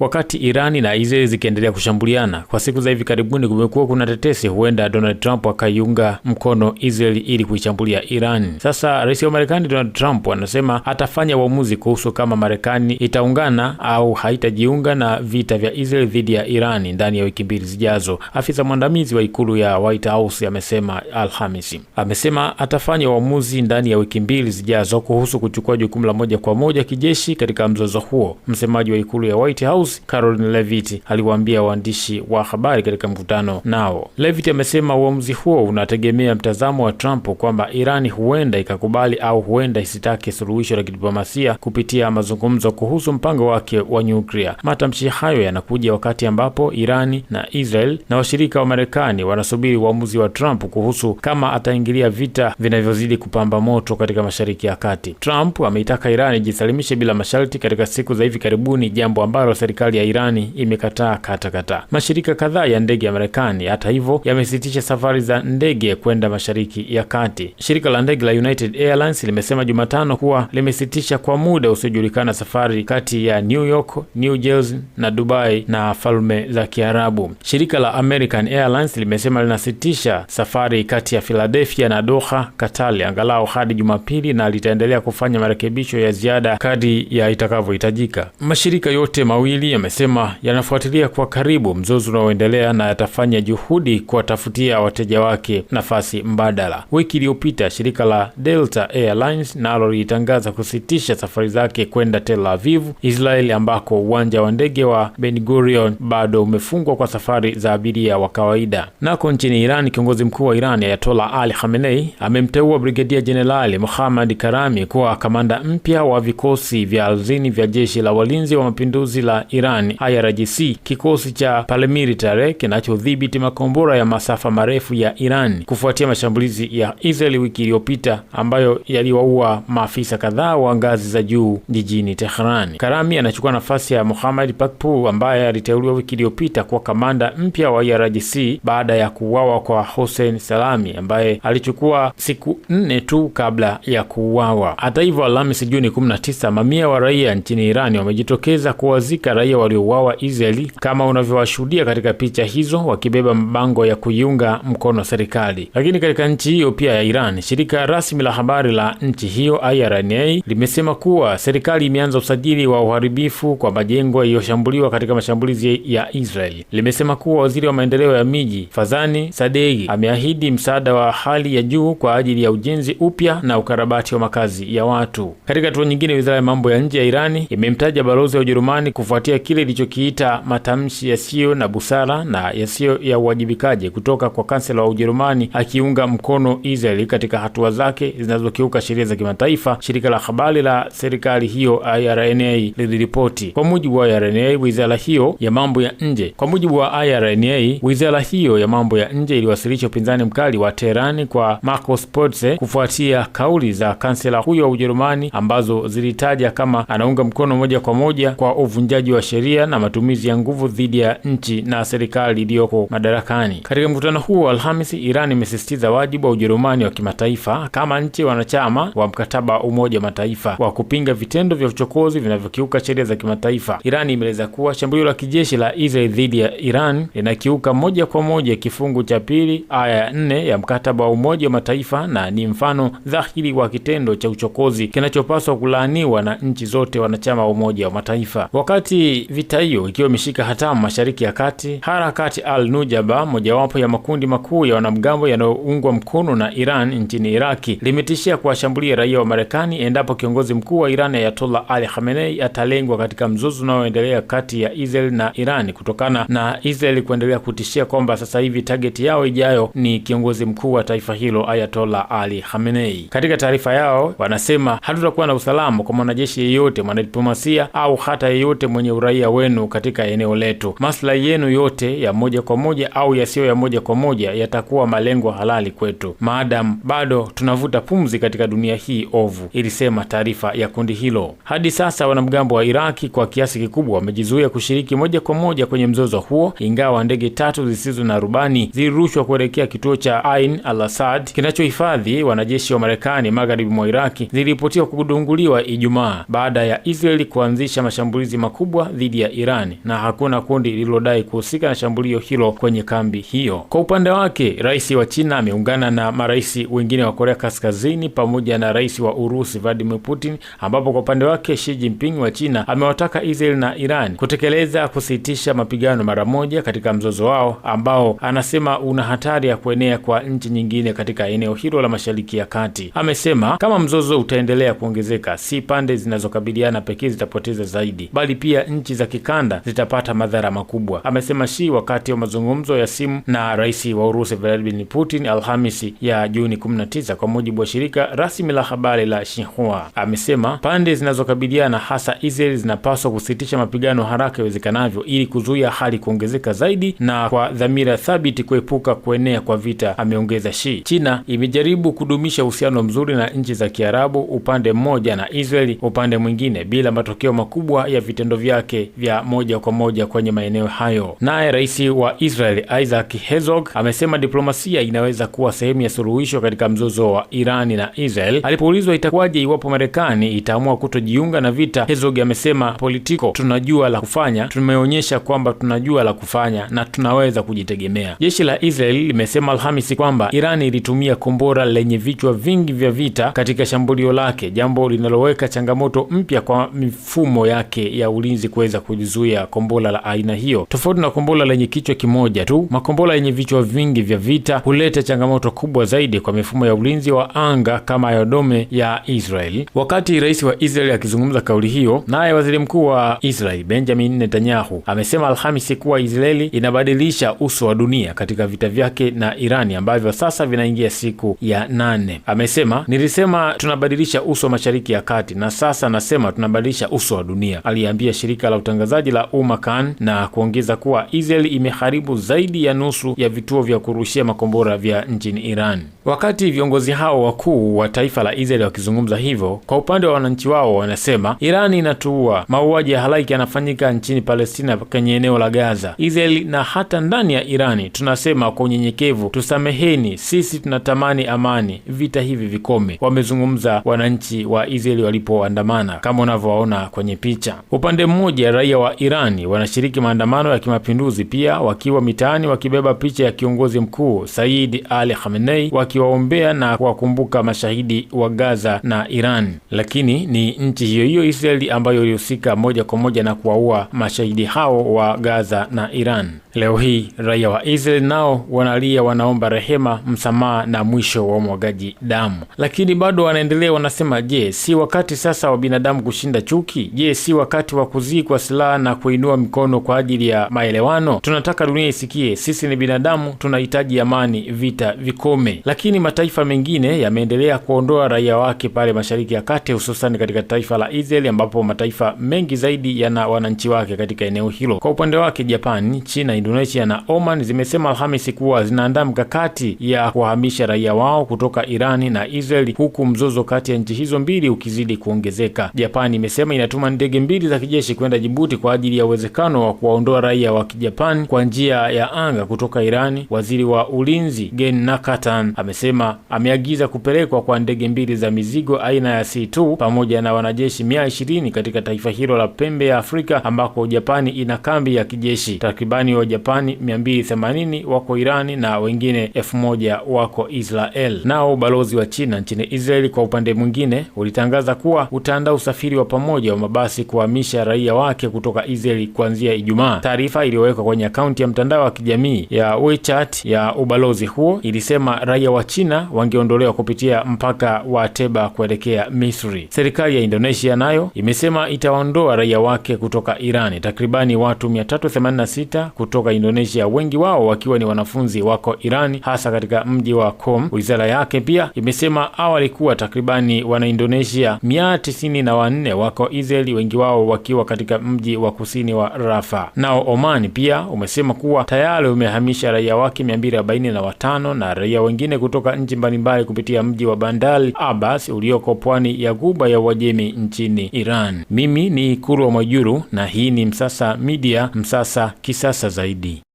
Wakati Irani na Israeli zikiendelea kushambuliana kwa siku za hivi karibuni, kumekuwa kuna tetesi huenda Donald Trump akaiunga mkono Israeli ili kuishambulia Irani. Sasa rais wa Marekani Donald Trump anasema atafanya uamuzi kuhusu kama Marekani itaungana au haitajiunga na vita vya Israeli dhidi ya Irani ndani ya wiki mbili zijazo. Afisa mwandamizi wa ikulu ya White House amesema Alhamisi, amesema atafanya uamuzi ndani ya wiki mbili zijazo kuhusu kuchukua jukumu la moja kwa moja kijeshi katika mzozo huo. Msemaji wa ikulu ya White House Schools Caroline Levitt aliwaambia waandishi wa habari katika mkutano nao. Levitt amesema uamuzi huo unategemea mtazamo wa Trump kwamba Irani huenda ikakubali au huenda isitake suluhisho la kidiplomasia kupitia mazungumzo kuhusu mpango wake wa nyuklia. Matamshi hayo yanakuja wakati ambapo Irani na Israel na washirika wa Marekani wanasubiri uamuzi wa Trump kuhusu kama ataingilia vita vinavyozidi kupamba moto katika Mashariki ya Kati. Trump ameitaka Irani jisalimishe bila masharti katika siku za hivi karibuni, jambo ambalo serikali serikali ya Irani imekataa katakata. Mashirika kadhaa ya ndege ya Marekani hata hivyo yamesitisha safari za ndege kwenda Mashariki ya Kati. Shirika la ndege la United Airlines limesema Jumatano kuwa limesitisha kwa muda usiojulikana safari kati ya New York, New Jersey na Dubai na Falme za Kiarabu. Shirika la American Airlines limesema linasitisha safari kati ya Philadelphia na Doha, katali angalau hadi Jumapili na litaendelea kufanya marekebisho ya ziada kadri ya itakavyohitajika. Mashirika yote mawili mawili amesema yanafuatilia kwa karibu mzozo unaoendelea na yatafanya juhudi kuwatafutia wateja wake nafasi mbadala. Wiki iliyopita shirika la Delta Airlines nalo lilitangaza kusitisha safari zake kwenda Tel Aviv, Israeli, ambako uwanja wa ndege wa Ben Gurion bado umefungwa kwa safari za abiria wa kawaida. Nako nchini Iran, kiongozi mkuu wa Iran ayatola Ali Khamenei amemteua Brigedia Jenerali Mohammad Karami kuwa kamanda mpya wa vikosi vya ardhini vya jeshi la walinzi wa mapinduzi la Iran IRGC, kikosi cha paramilitary kinachodhibiti makombora ya masafa marefu ya Iran kufuatia mashambulizi ya Israeli wiki iliyopita ambayo yaliwaua maafisa kadhaa wa ngazi za juu jijini Tehran. Karami anachukua nafasi ya Mohammad Pakpu ambaye aliteuliwa wiki iliyopita kuwa kamanda mpya wa IRGC baada ya kuuawa kwa Hossein Salami ambaye alichukua siku nne tu kabla ya kuuawa. Hata hivyo, Alhamisi Juni 19, mamia wa raia nchini Irani wamejitokeza kuwazika raia waliouawa Israeli kama unavyowashuhudia katika picha hizo wakibeba mabango ya kuiunga mkono serikali. Lakini katika nchi hiyo pia ya Iran, shirika rasmi la habari la nchi hiyo IRNA limesema kuwa serikali imeanza usajili wa uharibifu kwa majengo yaliyoshambuliwa katika mashambulizi ya Israeli. Limesema kuwa waziri wa maendeleo ya miji Fazani Sadegi ameahidi msaada wa hali ya juu kwa ajili ya ujenzi upya na ukarabati wa makazi ya watu. Katika hatua nyingine, wizara ya mambo ya nje ya Irani imemtaja balozi wa Ujerumani kufuatia kufuatia kile ilichokiita matamshi yasiyo na busara na yasiyo ya uwajibikaji kutoka kwa kansela wa Ujerumani akiunga mkono Israeli katika hatua zake zinazokiuka sheria za kimataifa. Shirika la habari la serikali hiyo IRNA liliripoti. Kwa mujibu wa IRNA, wizara hiyo ya mambo ya nje kwa mujibu wa IRNA, wizara hiyo ya mambo ya nje iliwasilisha upinzani mkali wa Teherani kwa Marcos Potse kufuatia kauli za kansela huyo wa Ujerumani ambazo zilitaja kama anaunga mkono moja kwa moja kwa uvunjaji wa sheria na matumizi ya nguvu dhidi ya nchi na serikali iliyoko madarakani. Katika mkutano huo Alhamisi, Iran imesisitiza wajibu wa Ujerumani wa kimataifa kama nchi wanachama wa mkataba wa Umoja wa Mataifa wa kupinga vitendo vya uchokozi vinavyokiuka sheria za kimataifa. Iran imeeleza kuwa shambulio la kijeshi la Israel dhidi ya Iran linakiuka moja kwa moja kifungu cha pili aya ya nne ya mkataba wa Umoja wa Mataifa na ni mfano dhahiri wa kitendo cha uchokozi kinachopaswa kulaaniwa na nchi zote wanachama wa Umoja wa Mataifa. Wakati hii vita hiyo ikiwa imeshika hatamu mashariki ya kati, harakati al-Nujaba, mojawapo ya makundi makuu ya wanamgambo yanayoungwa mkono na Iran nchini Iraki, limetishia kuwashambulia raia wa Marekani endapo kiongozi mkuu wa Iran Ayatollah Ali Khamenei atalengwa katika mzozo unaoendelea kati ya Israel na Iran, kutokana na Israel kuendelea kutishia kwamba sasa hivi tageti yao ijayo ni kiongozi mkuu wa taifa hilo Ayatollah Ali Khamenei. Katika taarifa yao wanasema, hatutakuwa na usalama kwa mwanajeshi yeyote, mwanadiplomasia au hata yeyote mwenye uraia wenu katika eneo letu. Maslahi yenu yote ya moja kwa moja au yasiyo ya moja kwa moja yatakuwa malengo halali kwetu, maadamu bado tunavuta pumzi katika dunia hii ovu, ilisema taarifa ya kundi hilo. Hadi sasa wanamgambo wa Iraki kwa kiasi kikubwa wamejizuia kushiriki moja kwa moja kwenye mzozo huo, ingawa ndege tatu zisizo na rubani zilirushwa kuelekea kituo cha Ain al-Asad kinachohifadhi wanajeshi wa Marekani magharibi mwa Iraki, ziliripotiwa kudunguliwa Ijumaa baada ya Israeli kuanzisha mashambulizi makubwa dhidi ya iran na hakuna kundi lililodai kuhusika na shambulio hilo kwenye kambi hiyo. Kwa upande wake, rais wa China ameungana na marais wengine wa Korea Kaskazini pamoja na rais wa Urusi Vladimir Putin, ambapo kwa upande wake Xi Jinping wa China amewataka Israel na Iran kutekeleza kusitisha mapigano mara moja katika mzozo wao ambao anasema una hatari ya kuenea kwa nchi nyingine katika eneo hilo la Mashariki ya Kati. Amesema kama mzozo utaendelea kuongezeka, si pande zinazokabiliana pekee zitapoteza zaidi, bali pia nchi za kikanda zitapata madhara makubwa, amesema Xi wakati wa mazungumzo ya simu na rais wa Urusi Vladimir Putin Alhamisi ya Juni 19, kwa mujibu wa shirika rasmi la habari la Xinhua. Amesema pande zinazokabiliana hasa Israel zinapaswa kusitisha mapigano haraka iwezekanavyo ili kuzuia hali kuongezeka zaidi na kwa dhamira thabiti kuepuka kuenea kwa vita, ameongeza Xi. China imejaribu kudumisha uhusiano mzuri na nchi za Kiarabu upande mmoja na Israeli upande mwingine bila matokeo makubwa ya vitendo vyake vyake vya moja kwa moja kwenye maeneo hayo. Naye rais wa Israel Isaac Herzog amesema diplomasia inaweza kuwa sehemu ya suluhisho katika mzozo wa Irani na Israel. Alipoulizwa itakuwaje iwapo Marekani itaamua kutojiunga na vita, Herzog amesema politiko, tunajua la kufanya, tumeonyesha kwamba tunajua la kufanya na tunaweza kujitegemea. Jeshi la Israel limesema Alhamisi kwamba Irani ilitumia kombora lenye vichwa vingi vya vita katika shambulio lake, jambo linaloweka changamoto mpya kwa mifumo yake ya ulinzi kuweza kuzuia kombola la aina hiyo. Tofauti na kombola lenye kichwa kimoja tu, makombola yenye vichwa vingi vya vita huleta changamoto kubwa zaidi kwa mifumo ya ulinzi wa anga kama Yodome ya Israel. Wakati rais wa Israel akizungumza kauli hiyo, naye waziri mkuu wa Israel Benjamin Netanyahu amesema Alhamisi kuwa Israeli inabadilisha uso wa dunia katika vita vyake na Irani ambavyo sasa vinaingia siku ya nane. Amesema, nilisema tunabadilisha uso wa Mashariki ya Kati na sasa nasema tunabadilisha uso wa dunia, aliambia shirika shirika la utangazaji la umakan na kuongeza kuwa Israel imeharibu zaidi ya nusu ya vituo vya kurushia makombora vya nchini Iran. Wakati viongozi hao wakuu wa taifa la Israel wakizungumza hivyo, kwa upande wa wananchi wao wanasema Iran inatuua, mauaji ya halaiki yanafanyika nchini Palestina kwenye eneo la Gaza, Israel na hata ndani ya Irani. Tunasema kwa unyenyekevu, tusameheni, sisi tunatamani amani, vita hivi vikome. Wamezungumza wananchi wa Israel walipoandamana kama unavyowaona kwenye picha. Upande mmoja moja raia wa Irani wanashiriki maandamano ya kimapinduzi pia wakiwa mitaani wakibeba picha ya kiongozi mkuu Said Ali Khamenei wakiwaombea na kuwakumbuka mashahidi wa Gaza na Iran. Lakini ni nchi hiyo hiyo Israeli ambayo ilihusika moja kwa moja na kuwaua mashahidi hao wa Gaza na Iran. Leo hii raia wa Israeli nao wanalia, wanaomba rehema, msamaha na mwisho wa umwagaji damu, lakini bado wanaendelea, wanasema je, si wakati sasa wa binadamu kushinda chuki? Je, si wakati wa kuzi hawaingii kwa silaha na kuinua mikono kwa ajili ya maelewano. Tunataka dunia isikie sisi ni binadamu, tunahitaji amani, vita vikome. Lakini mataifa mengine yameendelea kuondoa raia wake pale Mashariki ya Kati, hususani katika taifa la Israeli ambapo mataifa mengi zaidi yana wananchi wake katika eneo hilo. Kwa upande wake, Japani, China, Indonesia na Oman zimesema Alhamisi kuwa zinaandaa mkakati ya kuwahamisha raia wao kutoka Irani na Israeli, huku mzozo kati ya nchi hizo mbili ukizidi kuongezeka. Japani imesema inatuma ndege mbili za kijeshi kwenda Jibuti kwa ajili ya uwezekano wa kuwaondoa raia wa Kijapani kwa njia ya anga kutoka Irani. Waziri wa ulinzi Gen Nakatan amesema ameagiza kupelekwa kwa ndege mbili za mizigo aina ya C2 pamoja na wanajeshi mia ishirini katika taifa hilo la pembe ya Afrika ambako Japani ina kambi ya kijeshi. Takribani wa Japani 280 wako Irani na wengine elfu moja wako Israel. Nao ubalozi wa China nchini Israeli kwa upande mwingine ulitangaza kuwa utaandaa usafiri wa pamoja wa mabasi kuhamisha raia wake kutoka Israel kuanzia Ijumaa. Taarifa iliyowekwa kwenye akaunti ya mtandao wa kijamii ya WeChat ya ubalozi huo ilisema raia wa China wangeondolewa kupitia mpaka wa Teba kuelekea Misri. Serikali ya Indonesia nayo imesema itaondoa raia wake kutoka Irani. Takribani watu 386 kutoka Indonesia, wengi wao wakiwa ni wanafunzi, wako Irani, hasa katika mji wa Kom. Wizara yake pia imesema awali kuwa takribani Wanaindonesia 94 wako Israeli, wengi wao wakiwa katika katika mji wa kusini wa Rafa. Nao Oman pia umesema kuwa tayari umehamisha raia wake 245 na raia wengine kutoka nchi mbalimbali kupitia mji wa Bandar Abbas ulioko pwani ya Ghuba ya Uajemi nchini Iran. Mimi ni Kurwa Mwajuru na hii ni Msasa Media, Msasa kisasa zaidi.